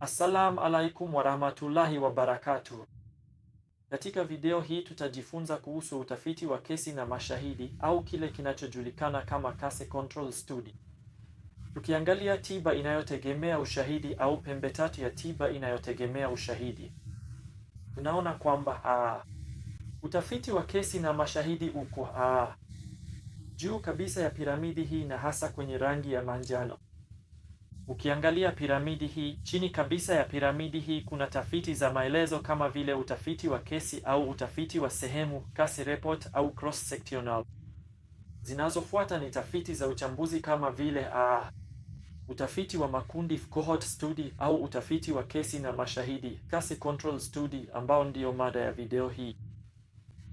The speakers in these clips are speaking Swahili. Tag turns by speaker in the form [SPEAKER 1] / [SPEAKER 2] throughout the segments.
[SPEAKER 1] Assalamu alaikum warahmatullahi wabarakatuh. Katika video hii tutajifunza kuhusu utafiti wa kesi na mashahidi au kile kinachojulikana kama case control study. Tukiangalia tiba inayotegemea ushahidi au pembe tatu ya tiba inayotegemea ushahidi, tunaona kwamba aa, utafiti wa kesi na mashahidi uko aa, juu kabisa ya piramidi hii na hasa kwenye rangi ya manjano. Ukiangalia piramidi hii, chini kabisa ya piramidi hii kuna tafiti za maelezo kama vile utafiti wa kesi au utafiti wa sehemu, case report au cross sectional. Zinazofuata ni tafiti za uchambuzi kama vile ah, utafiti wa makundi cohort study au utafiti wa kesi na mashahidi, case control study, ambao ndiyo mada ya video hii.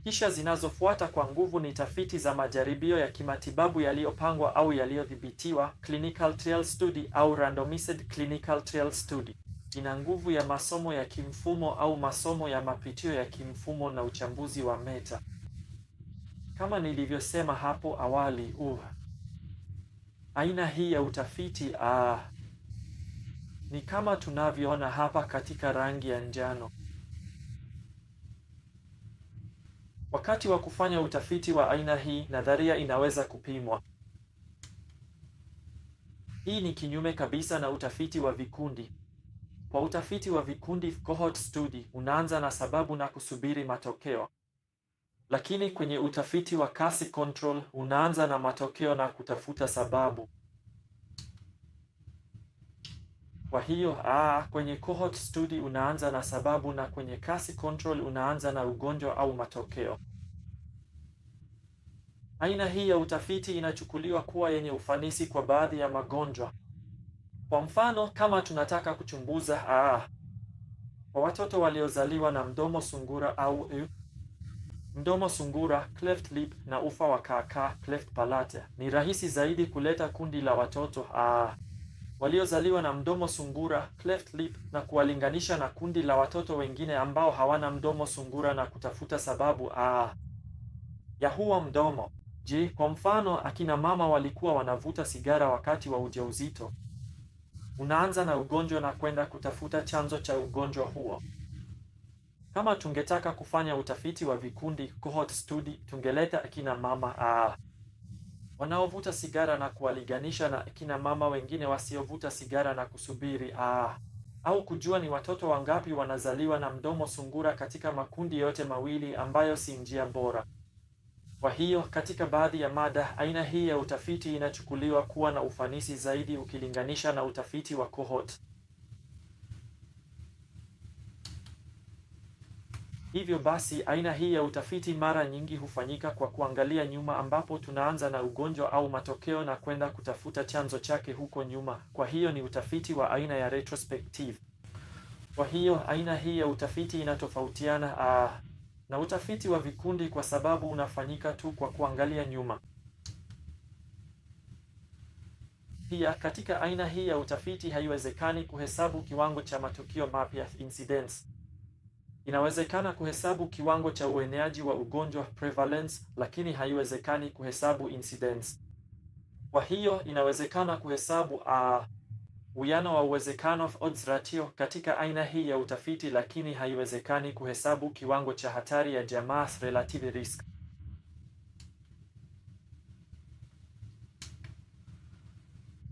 [SPEAKER 1] Kisha zinazofuata kwa nguvu ni tafiti za majaribio ya kimatibabu yaliyopangwa au yaliyodhibitiwa, clinical trial study au randomized clinical trial study. Ina nguvu ya masomo ya kimfumo au masomo ya mapitio ya kimfumo na uchambuzi wa meta. Kama nilivyosema hapo awali, uh, aina hii ya utafiti uh, ni kama tunavyoona hapa katika rangi ya njano. Wakati wa kufanya utafiti wa aina hii, nadharia inaweza kupimwa. Hii ni kinyume kabisa na utafiti wa vikundi. Kwa utafiti wa vikundi, cohort study, unaanza na sababu na kusubiri matokeo, lakini kwenye utafiti wa kasi control unaanza na matokeo na kutafuta sababu. Kwa hiyo aa, kwenye cohort study unaanza na sababu na kwenye kasi control unaanza na ugonjwa au matokeo. Aina hii ya utafiti inachukuliwa kuwa yenye ufanisi kwa baadhi ya magonjwa. Kwa mfano, kama tunataka kuchunguza aa, kwa watoto waliozaliwa na mdomo sungura au e, mdomo sungura cleft lip na ufa wa kaakaa cleft palate, ni rahisi zaidi kuleta kundi la watoto aa, waliozaliwa na mdomo sungura cleft lip na kuwalinganisha na kundi la watoto wengine ambao hawana mdomo sungura na kutafuta sababu aa, ya huo mdomo. Je, kwa mfano akina mama walikuwa wanavuta sigara wakati wa ujauzito? Unaanza na ugonjwa na kwenda kutafuta chanzo cha ugonjwa huo. Kama tungetaka kufanya utafiti wa vikundi cohort study, tungeleta akina mama aa wanaovuta sigara na kuwaliganisha na kina mama wengine wasiovuta sigara na kusubiri ah au kujua ni watoto wangapi wanazaliwa na mdomo sungura katika makundi yote mawili, ambayo si njia bora. Kwa hiyo katika baadhi ya mada, aina hii ya utafiti inachukuliwa kuwa na ufanisi zaidi ukilinganisha na utafiti wa cohort. Hivyo basi aina hii ya utafiti mara nyingi hufanyika kwa kuangalia nyuma, ambapo tunaanza na ugonjwa au matokeo na kwenda kutafuta chanzo chake huko nyuma. Kwa hiyo ni utafiti wa aina ya retrospective. Kwa hiyo aina hii ya utafiti inatofautiana aa, na utafiti wa vikundi kwa sababu unafanyika tu kwa kuangalia nyuma. Pia katika aina hii ya utafiti haiwezekani kuhesabu kiwango cha matukio mapya Inawezekana kuhesabu kiwango cha ueneaji wa ugonjwa prevalence, lakini haiwezekani kuhesabu incidence. Kwa hiyo inawezekana kuhesabu a ah, uwiano wa uwezekano odds ratio katika aina hii ya utafiti, lakini haiwezekani kuhesabu kiwango cha hatari ya jamaa relative risk.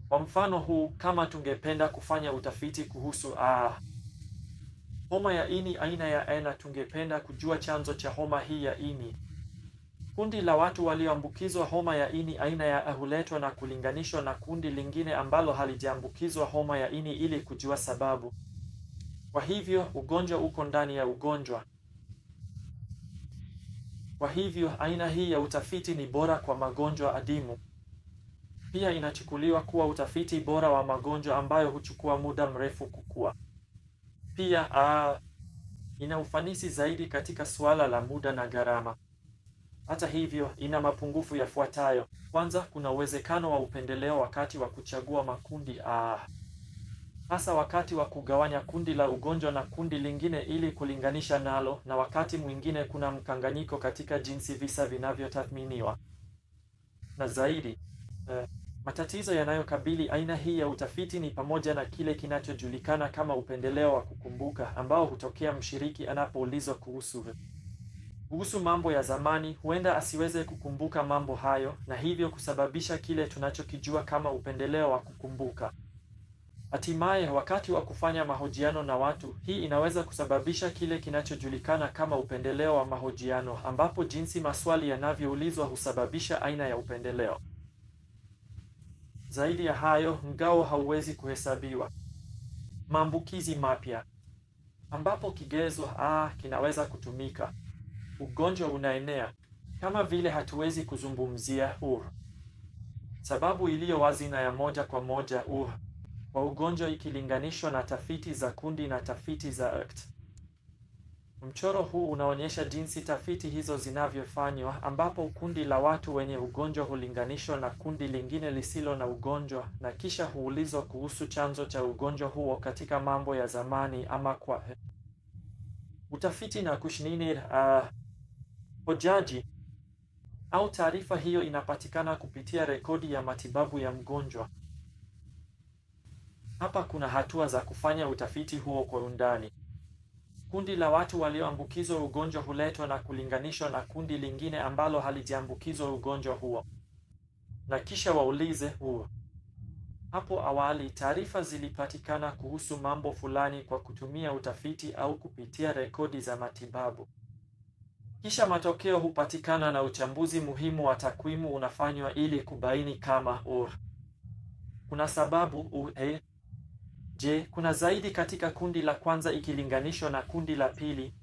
[SPEAKER 1] Kwa mfano huu, kama tungependa kufanya utafiti kuhusu a ah, Homa ya ini aina ya ena, Tungependa kujua chanzo cha homa hii ya ini. Kundi la watu walioambukizwa homa ya ini aina ya A huletwa na kulinganishwa na kundi lingine ambalo halijaambukizwa homa ya ini ili kujua sababu. Kwa hivyo ugonjwa uko ndani ya ugonjwa. Kwa hivyo aina hii ya utafiti ni bora kwa magonjwa adimu. Pia inachukuliwa kuwa utafiti bora wa magonjwa ambayo huchukua muda mrefu kukua pia uh, ina ufanisi zaidi katika suala la muda na gharama. Hata hivyo, ina mapungufu yafuatayo. Kwanza, kuna uwezekano wa upendeleo wakati wa kuchagua makundi uh, hasa wakati wa kugawanya kundi la ugonjwa na kundi lingine ili kulinganisha nalo, na wakati mwingine kuna mkanganyiko katika jinsi visa vinavyotathminiwa na zaidi uh, Matatizo yanayokabili aina hii ya utafiti ni pamoja na kile kinachojulikana kama upendeleo wa kukumbuka ambao hutokea mshiriki anapoulizwa kuhusu kuhusu mambo ya zamani, huenda asiweze kukumbuka mambo hayo na hivyo kusababisha kile tunachokijua kama upendeleo wa kukumbuka. Hatimaye, wakati wa kufanya mahojiano na watu, hii inaweza kusababisha kile kinachojulikana kama upendeleo wa mahojiano, ambapo jinsi maswali yanavyoulizwa husababisha aina ya upendeleo. Zaidi ya hayo, mgao hauwezi kuhesabiwa. Maambukizi mapya ambapo kigezo A kinaweza kutumika, ugonjwa unaenea kama vile hatuwezi kuzungumzia ur sababu iliyo wazi na ya moja kwa moja ur wa ugonjwa ikilinganishwa na tafiti za kundi na tafiti za ACT. Mchoro huu unaonyesha jinsi tafiti hizo zinavyofanywa ambapo kundi la watu wenye ugonjwa hulinganishwa na kundi lingine lisilo na ugonjwa na kisha huulizwa kuhusu chanzo cha ugonjwa huo katika mambo ya zamani ama kwa utafiti na kushinini uh, hojaji au taarifa hiyo inapatikana kupitia rekodi ya matibabu ya mgonjwa. Hapa kuna hatua za kufanya utafiti huo kwa undani. Kundi la watu walioambukizwa ugonjwa huletwa na kulinganishwa na kundi lingine ambalo halijaambukizwa ugonjwa huo, na kisha waulize huo. Hapo awali taarifa zilipatikana kuhusu mambo fulani kwa kutumia utafiti au kupitia rekodi za matibabu. Kisha matokeo hupatikana na uchambuzi muhimu wa takwimu unafanywa ili kubaini kama or kuna sababu Je, kuna zaidi katika kundi la kwanza ikilinganishwa na kundi la pili?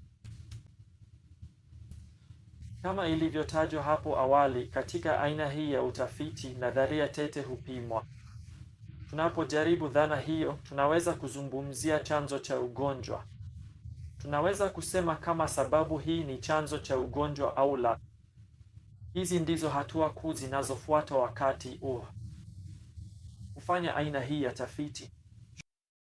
[SPEAKER 1] Kama ilivyotajwa hapo awali, katika aina hii ya utafiti nadharia tete hupimwa. Tunapojaribu dhana hiyo, tunaweza kuzungumzia chanzo cha ugonjwa. Tunaweza kusema kama sababu hii ni chanzo cha ugonjwa au la. Hizi ndizo hatua kuu zinazofuata wakati uh, kufanya aina hii ya tafiti.